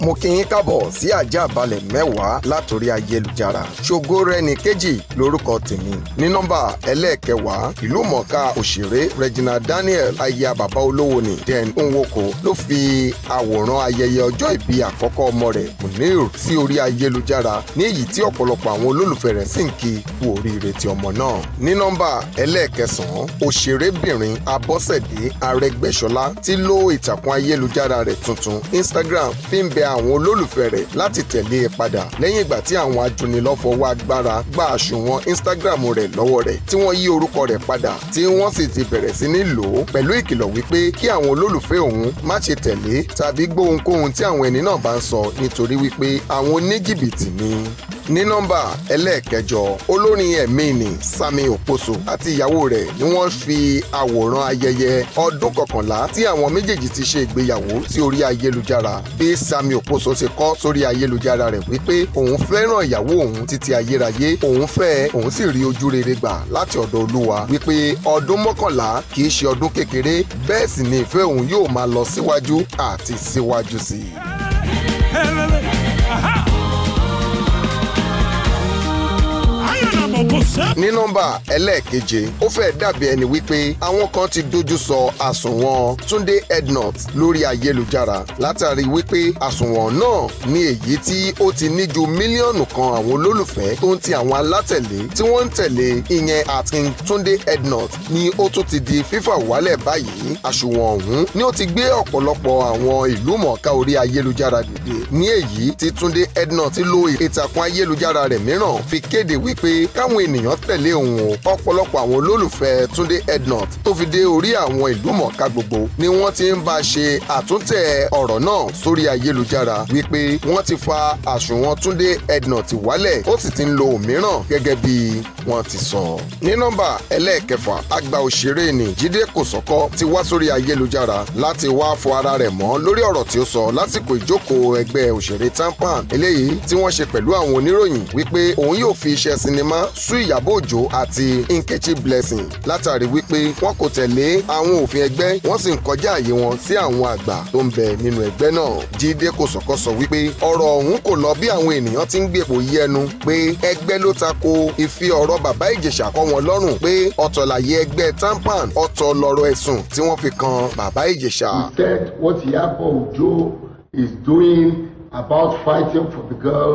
mo kí yín kábọ̀ sí àjà balẹ̀ mẹ́wàá látòrí ayélujára ṣògo rẹni kejì lórúkọ tèmi ní nọ́mbà ẹlẹ́ẹ̀kẹwàá ìlú mọ̀ọ́ká òṣèré Regina Daniel aya bàbá olówó ni Den Nwoko ló fi àwòrán ayẹyẹ ọjọ́ ìbí àkọ́kọ́ ọmọ rẹ̀ Munir sí orí ayélujára ní èyí tí ọ̀pọ̀lọpọ̀ àwọn olólùfẹ́ rẹ̀ sì ń kí kú oríire ti ọmọ náà ní nọ́mbà ẹlẹ́ẹ̀kẹsàn-án òṣèrébìnrin Abọ́sẹ̀dé Arẹ́gbẹ́ṣọlá ti lo ìtàkùn ayélujára rẹ̀ tuntun Instagram fi ń bẹ àwọn olólùfẹ́ rẹ̀ láti tẹ̀lé e padà lẹ́yìn ìgbà tí àwọn ajúnilọ́fọwọ́ agbára gba àsùnwọ̀n Instagram rẹ̀ lọ́wọ́ rẹ̀ tí wọ́n yí orúkọ rẹ̀ padà tí wọ́n sì ti bẹ̀rẹ̀ sí ní lò ó pẹ̀lú ìkìlọ̀ wípé kí àwọn olólùfẹ́ òun má ṣe tẹ̀lé tàbí gbóhunkóhun tí àwọn ẹni náà bá ń sọ nítorí wípé àwọn oníjìbìtì ni ní nọ́mbà ẹlẹ́ẹ̀kẹjọ olórin ẹ̀mí ni Sami Okposo àti ìyàwó rẹ̀ ni wọ́n fi àwòrán ayẹyẹ ọdún kọkànlá tí àwọn méjèèjì ti ṣe ìgbéyàwó sí orí ayélujára bí Sami Okposo ti kọ sórí ayélujára rẹ̀ wípé òun fẹ́ràn ìyàwó òun títí ayérayé òun fẹ́ òun sì rí ojú rere gbà láti ọ̀dọ̀ Olúwa wípé ọdún mọ́kànlá kì ṣe ọdún kékeré bẹ́ẹ̀ sì ni ìfẹ́ òun yóò máa lọ síwájú àti síwájú sí i. ní nọ́mbà ẹlẹ́ẹ̀keje ó fẹ́ dàbí ẹni wípé àwọn kan ti dojú sọ àsùnwọ̀n Túndé Ednut lórí ayélujára látàrí wípé àsùnwọ̀n náà ní èyí tí ó ti ní ju mílíọ̀nù kan àwọn olólùfẹ́ tó ń ti àwọn alátẹ̀lé tí wọ́n ń tẹ̀lé ìyẹn àti Túndé Ednut ni ó tún ti di fífà wálẹ̀ báyìí àsùnwọ̀n ọ̀hún ni ó ti gbé ọ̀pọ̀lọpọ̀ àwọn ìlú mọ̀ọ́ká orí ayélujára dìde ní èyí tí Túndé Ednut ti lo ìtàkùn ayélujára rẹ̀ mìíràn fi kéde wípé káwọn ènìyàn tẹ̀lé òun o ọ̀pọ̀lọpọ̀ àwọn olólùfẹ́ Túndé Ednut tó fi dé orí àwọn ìlúmọ̀ọ́ká gbogbo ni wọ́n ti ń bá ṣe àtúntẹ̀ ọ̀rọ̀ náà sórí ayélujára wípé wọ́n ti fa àsùnwọ̀n Túndé Ednut wálẹ̀ ó sì ti ń lo òmíràn gẹ́gẹ́ bíi wọ́n ti sọ. ní nọ́mbà ẹlẹ́ẹ̀kẹfà àgbà òṣèré ni Jídé Kòsọ́kọ́ ti wá sórí ayélujára láti wá fọ ara rẹ̀ mọ́ lórí ọ̀rọ̀ tí ó sọ lásìkò ìjókòó ẹgbẹ́ òṣèré tampan eléyìí tí wọ́n ṣe pẹ̀lú àwọn oníròyìn wípé òun yóò fi iṣẹ́ sinimá sú Ìyábọ̀ Òjó àti Nkechi Blessing látàrí wípé wọ́n kò tẹ̀lé àwọn òfin ẹgbẹ́ wọ́n sì ń kọjá àyè wọn sí àwọn àgbà tó ń bẹ nínú ẹgbẹ́ náà Jídé Kòsọ́kọ́ sọ wípé ọ̀rọ̀ ọ̀hún kò lọ bí àwọn ènìyàn ti ń gbèpò yí pé ẹgbẹ́ ló tako ìfi ọ̀rọ̀ ọ̀rọ̀ bàbá ìjẹ̀ṣà kọ́ wọn lọ́rùn pé ọ̀tọ̀ làyè ẹgbẹ́ tampan ọ̀tọ̀ lọ̀rọ̀ ẹ̀sùn tí wọ́n fi kan bàbá ìjẹ̀ṣà. instead what Iyabo Ojo is doing about fighting for the girl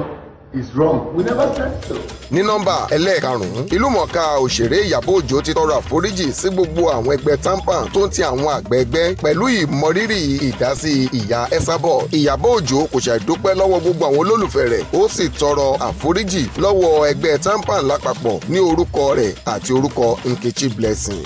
is wrong. We never said so. ní nọ́mbà ẹlẹ́ẹ̀karùn-ún ìlúmọ̀ọ́ká òṣèré Ìyábọ̀ Òjó ti tọrọ àforíjì sí gbogbo àwọn ẹgbẹ́ tampan tó ń ti àwọn àgbẹ̀ ẹgbẹ́ pẹ̀lú ìmọrírì ìdásí ìyá Esabod Ìyábọ̀ Òjó kò ṣàìdúpẹ́ lọ́wọ́ gbogbo àwọn olólùfẹ́ rẹ̀ ó sì tọrọ àforíjì lọ́wọ́ ẹgbẹ́ tampan lápapọ̀ ní orúkọ rẹ̀ àti orúkọ Nkechi Blessing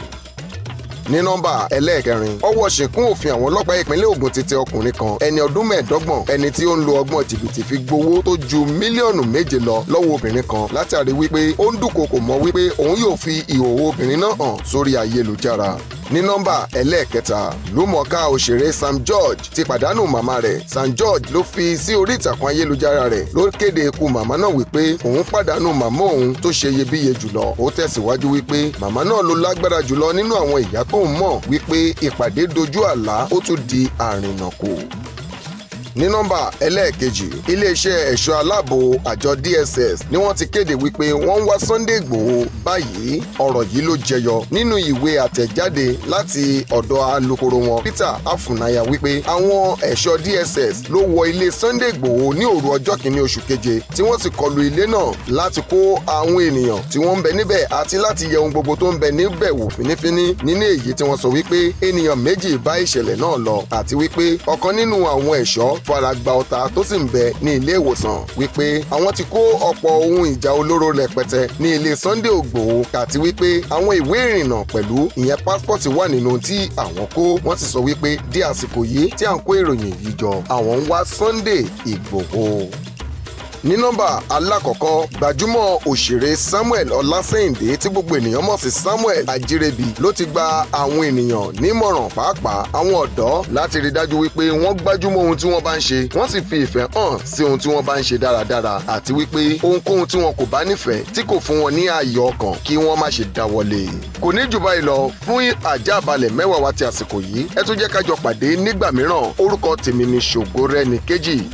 ní nọ́mbà ẹlẹ́ẹ̀kẹrin ọwọ́ ṣìnkún òfin àwọn ọlọ́pàá ìpínlẹ̀ Ògùn ti tẹ ọkùnrin kan ẹni ọdún mẹ́ẹ̀ẹ́dọ́gbọ̀n ẹni tí ó ń lo ọgbọ́n jìbìtì fi gbowó tó ju mílíọ̀nù méje lọ lọ́wọ́ obìnrin kan látàrí wípé ó ń dúnkokò mọ́ wípé òun yóò fi ìhòòhò obìnrin náà hàn sórí ayélujára ní nọ́mbà ẹlẹ́ẹ̀kẹta lúmọ̀ọ́ká òṣèré Sam George ti pàdánù màmá rẹ̀ Sam George ló fi sí orí ìtàkùn ayélujára rẹ̀ ló kéde ikú màmá náà wípé òun pàdánù màmá òun tó ṣe iyebíye jùlọ ó tẹ̀síwájú wípé màmá náà ló lágbára jùlọ nínú àwọn ìyá tóun mọ̀ wípé ìpàdé dojú àlá ó tún di àrìnàkò ní nọ́mbà ẹlẹ́ẹ̀kejì iléeṣẹ́ ẹ̀ṣọ́ aláàbò àjọ DSS ni wọ́n ti kéde wípé wọ́n ń wá Sunday Igboho báyìí ọ̀rọ̀ yìí ló jẹyọ nínú ìwé àtẹ̀jáde láti ọ̀dọ̀ alukoro wọn Peter Afunaya wípé àwọn ẹ̀ṣọ́ DSS ló wọ ilé Sunday Igboho ní òru ọjọ́ kìíní oṣù keje tí wọ́n sì kọlu ilé náà láti kó àwọn ènìyàn tí wọ́n ń bẹ níbẹ̀ àti láti yẹ ohun gbogbo tó ń bẹ níbẹ̀ wò fínífíní nínú èyí tí wọ́n sọ wípé ènìyàn méjì bá ìṣẹ̀lẹ̀ náà lọ àti wípé ọ̀kan nínú àwọn ẹ̀ṣọ́ fara gba ọta tó sì ń bẹ ní ilé ìwòsàn wípé àwọn ti kó ọ̀pọ̀ ohun ìjà olóró rẹpẹtẹ ní ilé Sunday Ìgbòho àti wípé àwọn ìwé ìrìnnà pẹ̀lú ìyẹn pásítọ̀tì wà nínú tí àwọn kó wọ́n sì sọ wípé di àsìkò yìí tí à ń kó ìròyìn yìí jọ àwọn ń wá Sunday Ìgbòho ní nọ́mbà alákọ̀ọ́kọ́ gbajúmọ̀ òṣèré Samuel Ọlásẹ̀yìndé tí gbogbo ènìyàn mọ̀ sí Samuel Ajírébi ló ti gba àwọn ènìyàn nímọ̀ràn pàápàá àwọn ọ̀dọ́ láti rí dájú wípé wọ́n gbájúmọ̀ ohun tí wọ́n bá ń ṣe wọ́n sì fi ìfẹ́ hàn sí ohun tí wọ́n bá ń ṣe dáradára àti wípé ohunkóhun tí wọn kò bá nífẹ̀ẹ́ tí kò fún wọn ní ààyè ọkàn kí wọ́n má ṣe dáwọ́lé kò ní jù báyìí lọ fún àjàbalẹ̀ mẹ́wàá wa ti àsìkò yìí ẹ tún jẹ́ ká jọ pàdé nígbà mìíràn orúkọ tèmi ni ṣògo rẹ́ni kejì